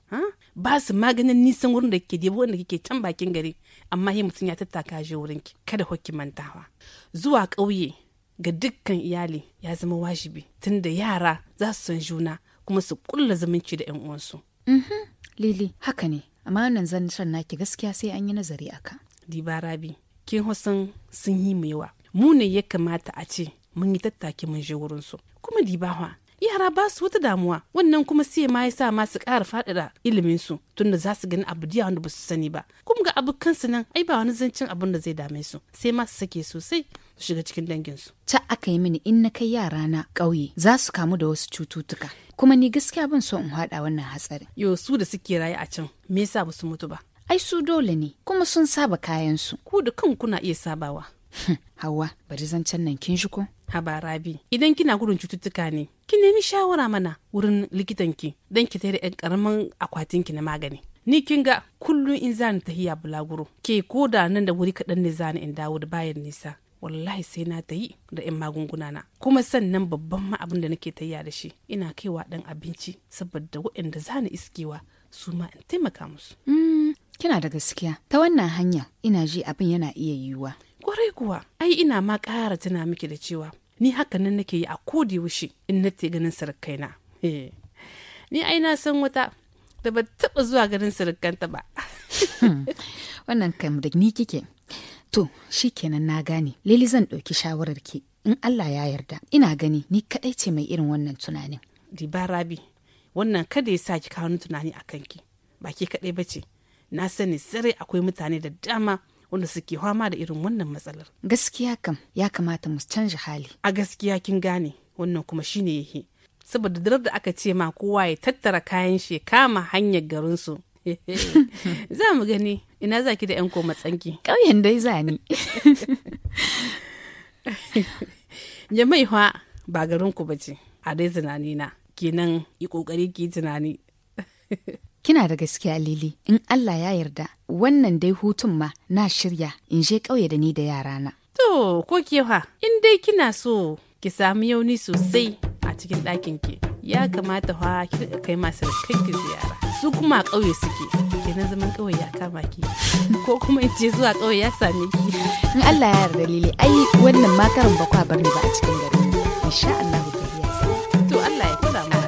ba su maganin nisan wurin da kike debo wanda kike can bakin gari amma yi mutum ya tattaka je wurin ki kada hukki mantawa zuwa ƙauye ga dukkan iyali ya zama wajibi tunda yara za su san juna kuma su kulla zumunci da 'yan uwansu. Mhm. lili haka ne amma nan zan san naki gaskiya sai an yi nazari aka. dibarabi kin hosan sun yi mu yawa mu ne ya kamata a ce mun yi tattaki mun je wurin su kuma dibawa yara ba su wata damuwa wannan kuma sai ma ya sa ma su ƙara faɗaɗa ilimin su tunda za su gani abu diya wanda ba su sani ba kuma ga abokan su nan ai ba wani zancen abun da zai dame su sai ma su sake sosai su shiga cikin dangin su ta aka yi mini in na kai yara na ƙauye za su kamu da wasu cututtuka kuma ni gaskiya ban so in haɗa wannan hatsarin yo su da suke raye a can me yasa ba su mutu ba ai su dole ne kuma sun saba kayansu. Ku da kan kuna iya sabawa. Hm, Hawa, bari zancen nan kin shiko? Haba Rabi, idan kina gudun cututtuka ne, ki nemi shawara mana wurin likitanki don ki tare yan akwatin ki na magani. Ni kin ga kullum in zani tahiya bulaguro, ke ko da nan da wuri kaɗan ne zani in dawo da bayan nisa. wallahi sai na ta yi da 'yan magunguna na kuma sannan babban ma abin da nake tayya da shi ina kaiwa dan abinci saboda waɗanda za iskewa su ma in taimaka musu. Hm, Kina da gaskiya. Ta wannan hanya ina ji abin yana iya yiwuwa. Kwarai kuwa, ai ina ma ƙara tuna miki da cewa ni haka nan nake yi a da yaushe in na te ganin sarakaina eh. Ni ai na san wata da ba taɓa zuwa ganin sarakanta ba. Hmm. Wannan kam da ni kike. To, shi kenan na gane. Lili zan ɗauki shawarar ki in Allah ya yarda. Ina gani ni kaɗai ce mai irin wannan tunanin. Dibarabi, wannan kada ya sa ki kawo tunani a kanki. Ba ke kaɗai ba ce. na sani sarai akwai mutane da dama wanda suke fama da irin wannan matsalar gaskiya kam ya kamata mu canja hali a gaskiya kin gane wannan kuma shine yake saboda darar da aka ce ma kowa ya tattara kayan shi kama hanyar garinsu za mu gani ina zaki da 'yan koma tsanki ƙauyen dai za ni jama'i fa ba garin ku ba ce a dai tunanina kenan yi ƙoƙari ki tunani Kina da gaskiya Lili, in Allah ya yarda, wannan dai hutun ma na shirya in je ƙauye da ni da yarana. To, ko kewa, in dai kina so ki samu yauni sosai a cikin ɗakin ki, ya kamata fa ki kai masu kanki ziyara. Su kuma a ƙauye suke, kenan zaman ƙauye ya kama ki, ko kuma in ce zuwa ƙauye ya same ki. In Allah ya yarda Lili, ai wannan makarin ba kwa bar ni ba a cikin gari? Insha Allah ku To Allah ya kula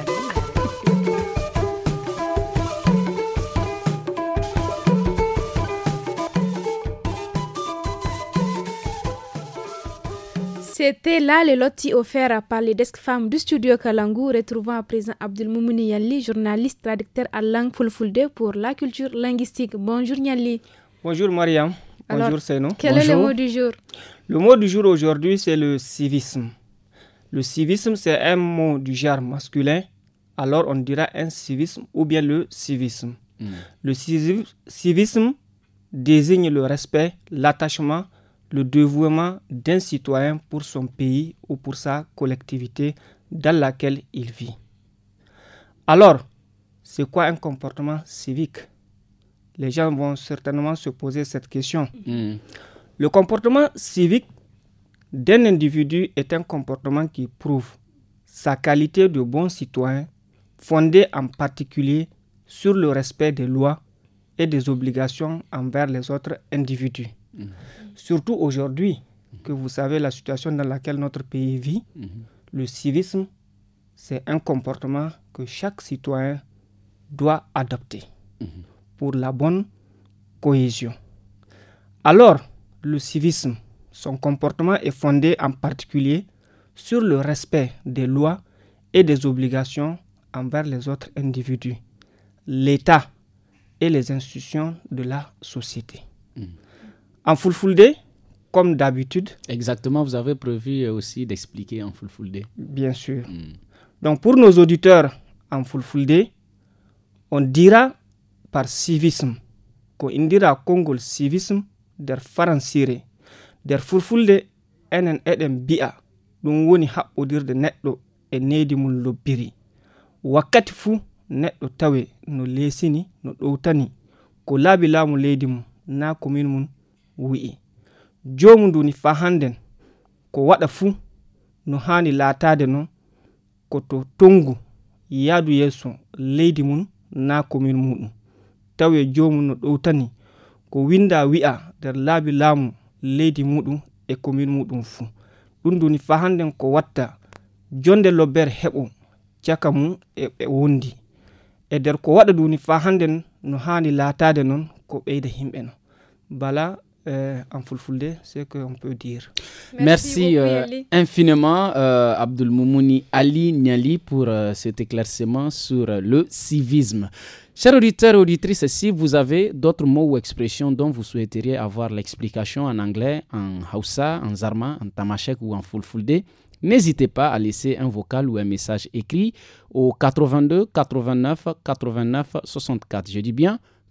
C'était là le loti offert par les desk femmes du studio Kalangou, retrouvant à présent Abdul Moumouni Yali, journaliste traducteur à langue fulfulde pour la culture linguistique. Bonjour Yali. Bonjour Mariam. Bonjour Quel est le mot du jour Le mot du jour aujourd'hui, c'est le civisme. Le civisme, c'est un mot du genre masculin, alors on dira un civisme ou bien le civisme. Hmm. Le civisme désigne le respect, l'attachement, le dévouement d'un citoyen pour son pays ou pour sa collectivité dans laquelle il vit. Alors, c'est quoi un comportement civique Les gens vont certainement se poser cette question. Mm. Le comportement civique d'un individu est un comportement qui prouve sa qualité de bon citoyen, fondé en particulier sur le respect des lois et des obligations envers les autres individus. Mm-hmm. Surtout aujourd'hui, que vous savez la situation dans laquelle notre pays vit, mm-hmm. le civisme, c'est un comportement que chaque citoyen doit adopter mm-hmm. pour la bonne cohésion. Alors, le civisme, son comportement est fondé en particulier sur le respect des lois et des obligations envers les autres individus, l'État et les institutions de la société en full full day, comme d'habitude. Exactement, vous avez prévu euh, aussi d'expliquer en full full day. Bien sûr. Hmm. Donc pour nos auditeurs en full full day, on dira par civisme ko indira kongol civisme der faransire der fulfulde enen eɗen bi'a ɗum woni haɓɓodirde neɗɗo e nedi mum lobbiri wakkati fuu neɗɗo tawe no leesini no ɗowtani ko laabi laamu leydi mum na komin mum wi'i jomum ndu ni faa hannden ko waɗa fuu no haani laataade noon ko to tongu yahdu yeeso leydi mum naa commune muɗum tawi joomum no ɗowtani ko winda wi'a nder laabi laamu leydi muɗum e commune muɗum fuu ɗum duni fa ko watta jonde lobbere heɓo caka e, e wundi, e nder ko waɗa duni no haani laataade noon ko ɓeyda bala euh, en Fulfulde, c'est ce qu'on peut dire. Merci, euh, infiniment, euh, Ali Niali, pour euh, cet éclaircissement sur euh, le civisme. Chers auditeurs et auditrices, si vous avez d'autres mots ou expressions dont vous souhaiteriez avoir l'explication en anglais, en Hausa, en Zarma, en Tamashek ou en Fulfulde, N'hésitez pas à laisser un vocal ou un message écrit au 82 89 89 64. Je dis bien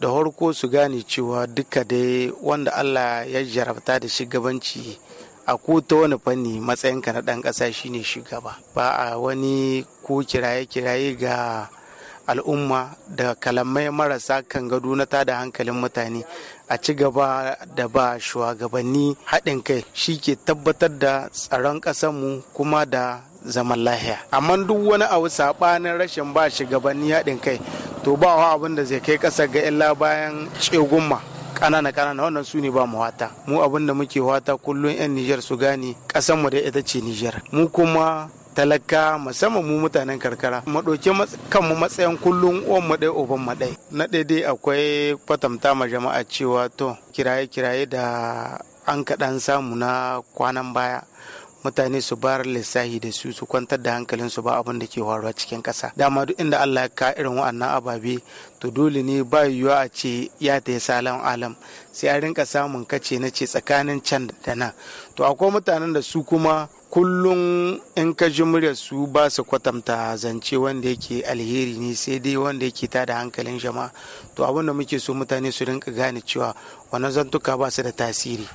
da harko su gane cewa duka dai wanda allah ya jarabta da shugabanci a ko ta wani fanni matsayinka na ɗan ƙasa shine shugaba ba a wani ko kiraye-kiraye ga al'umma da kalamai marasa kan gado na tada hankalin mutane a ci gaba da ba shugabanni haɗin kai shi ke tabbatar da tsaron ƙasarmu kuma da zaman lahiya amma duk wani abu sabanin rashin ba shugabanni haɗin kai to ba wa abin da zai kai ƙasa ga illa bayan tsegumma kanana kanana wannan su ne ba mu wata mu abin da muke wata kullum 'yan Nijar su gane ƙasar mu da ita ce Nijar mu kuma talaka musamman mu mutanen karkara mu ɗauki kanmu matsayin kullum uwan mu ɗaya uban mu na daidai akwai kwatamta ma jama'a cewa to kiraye kiraye da an kaɗan samu na kwanan baya mutane su bar lissahi da su su kwantar da hankalin su ba abin da ke faruwa cikin ƙasa dama duk inda Allah ya ka irin wa'annan ababe to dole ne ba yiwuwa a ce ya ta yi salon alam sai a rinka samun kace na ce tsakanin can da nan to akwai mutanen da su kuma kullum in ka ji murya su ba su kwatanta zance wanda yake alheri ne sai dai wanda yake ta da hankalin jama'a to abin da muke so mutane su rinka gane cewa wani zantuka ba su da tasiri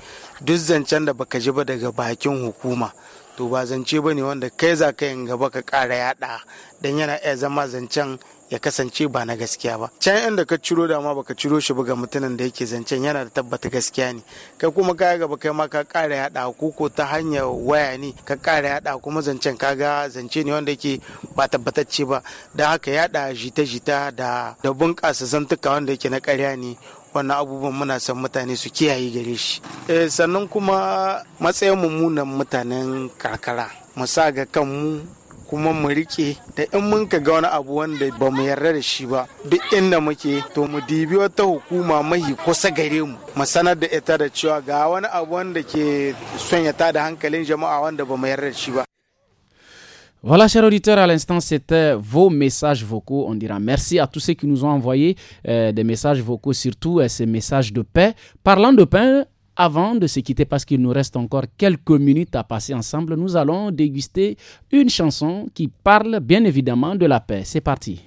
duk zancen da baka ji ba daga bakin hukuma to ba zance ba ne wanda kai za ka yin gaba ka kara yada don yana iya zama zancen ya kasance ba na gaskiya ba can inda ka ciro da ma baka ciro shi ba ga mutumin da yake zancen yana da tabbata gaskiya ne kai kuma ka ga kai ma ka ƙara yaɗa ko ta hanyar waya ne ka ƙara yaɗa kuma zancen ka ga zance ne wanda yake ba tabbatacce ba don haka yaɗa jita-jita da da bunƙasa zantuka wanda yake na ƙarya ne wannan abubuwan muna son mutane su kiyaye gare shi eh, sannan kuma matsayin mummunan mutanen karkara mu sa ga kanmu kuma mu rike da in mun ka ga wani abu wanda ba mu yarda da shi ba duk inda muke to mu dibi wata hukuma mahi kusa gare mu mu sanar da ita da cewa ga wani abu wanda ke son ya tada hankalin jama'a wanda ba mu yarda da shi ba Voilà, chers auditeurs, à l'instant, c'était euh, vos messages vocaux. On dira merci à tous ceux qui nous ont envoyé euh, des messages vocaux, surtout euh, ces messages de paix. Parlant de paix, avant de se quitter, parce qu'il nous reste encore quelques minutes à passer ensemble, nous allons déguster une chanson qui parle bien évidemment de la paix. C'est parti.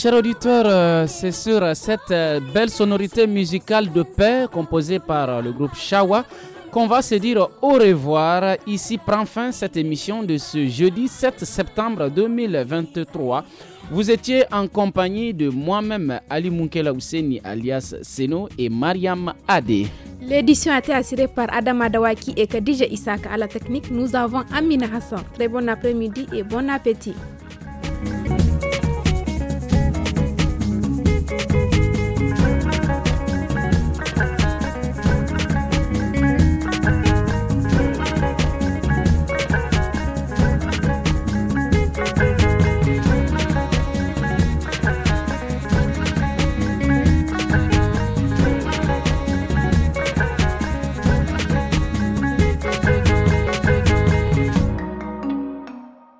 chers auditeurs, euh, c'est sur cette euh, belle sonorité musicale de paix composée par euh, le groupe Shawa qu'on va se dire au revoir. Ici prend fin cette émission de ce jeudi 7 septembre 2023. Vous étiez en compagnie de moi-même, Ali Munkela Ouseni alias Seno et Mariam Adé. L'édition a été assurée par Adam Adawaki et Kadija Isaac. À la technique, nous avons Amina Hassan. Très bon après-midi et bon appétit.